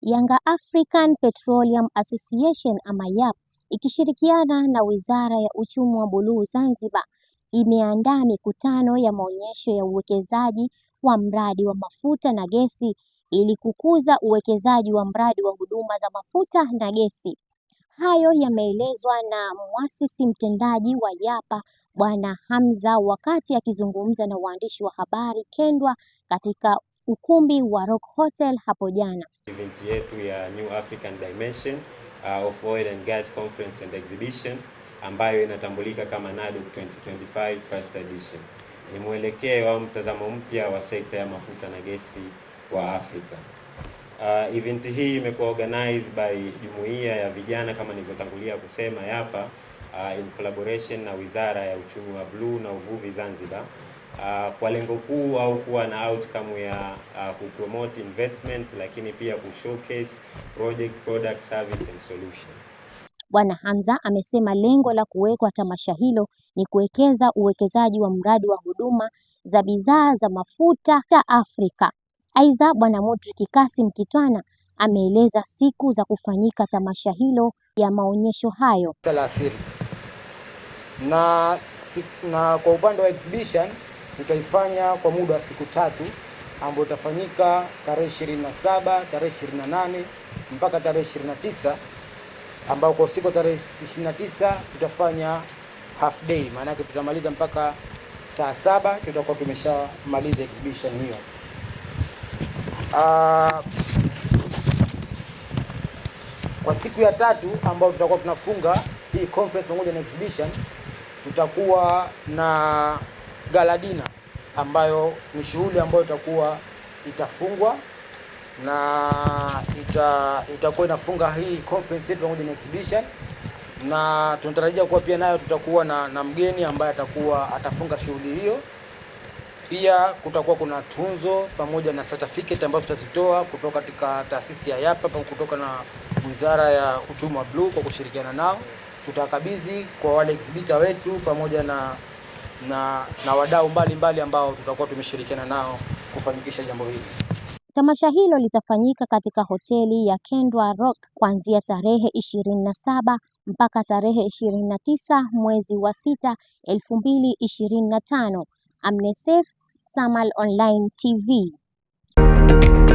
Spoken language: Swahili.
Yanga African Petroleum Association ama YAP ikishirikiana na Wizara ya Uchumi wa Buluu Zanzibar imeandaa mikutano ya maonyesho ya uwekezaji wa mradi wa mafuta na gesi ili kukuza uwekezaji wa mradi wa huduma za mafuta na gesi. Hayo yameelezwa na muasisi mtendaji wa YAPA Bwana Hamza wakati akizungumza na waandishi wa habari Kendwa katika ukumbi wa Rock Hotel hapo jana. Event yetu ya New African Dimension uh, of Oil and Gas Conference and Exhibition ambayo inatambulika kama nadu 2025 first edition ni mwelekeo au mtazamo mpya wa sekta ya mafuta na gesi kwa Afrika. Uh, event hii imekuwa organized by jumuiya ya vijana kama nilivyotangulia kusema hapa, uh, in collaboration na Wizara ya Uchumi wa Bluu na Uvuvi Zanzibar uh, kwa lengo kuu au kuwa na outcome ya uh, kupromote investment lakini pia kushowcase project, product, service and solution. Bwana Hamza amesema lengo la kuwekwa tamasha hilo ni kuwekeza uwekezaji wa mradi wa huduma za bidhaa za mafuta ta Afrika. Aidha, Bwana Modrick Kasim Kitwana ameeleza siku za kufanyika tamasha hilo ya maonyesho hayo na, na kwa upande wa exhibition Tutaifanya kwa muda wa siku tatu ambayo itafanyika tarehe 27, tarehe 28 mpaka tarehe 29, ambao kwa usiku tarehe 29 tutafanya half day, maana yake tutamaliza mpaka saa saba tutakuwa tumeshamaliza exhibition hiyo. Uh, kwa siku ya tatu ambayo tutakuwa tunafunga hii conference pamoja na exhibition, tutakuwa na Galadina ambayo ni shughuli ambayo itakuwa itafungwa na ita, itakuwa inafunga hii conference yetu pamoja na exhibition, na tunatarajia kuwa pia nayo tutakuwa na, na mgeni ambaye atakuwa atafunga shughuli hiyo. Pia kutakuwa kuna tunzo pamoja na certificate ambazo tutazitoa kutoka katika taasisi ya YAPA kutoka na Wizara ya Uchumi wa Bluu kwa kushirikiana nao tutakabidhi kwa wale exhibitor wetu pamoja na na, na wadau mbalimbali ambao tutakuwa tumeshirikiana nao kufanikisha jambo hili. Tamasha hilo litafanyika katika hoteli ya Kendwa Rock kuanzia tarehe ishirini na saba mpaka tarehe ishirini na tisa mwezi wa sita elfu mbili ishirini na tano. Amnesef, Samal Online TV.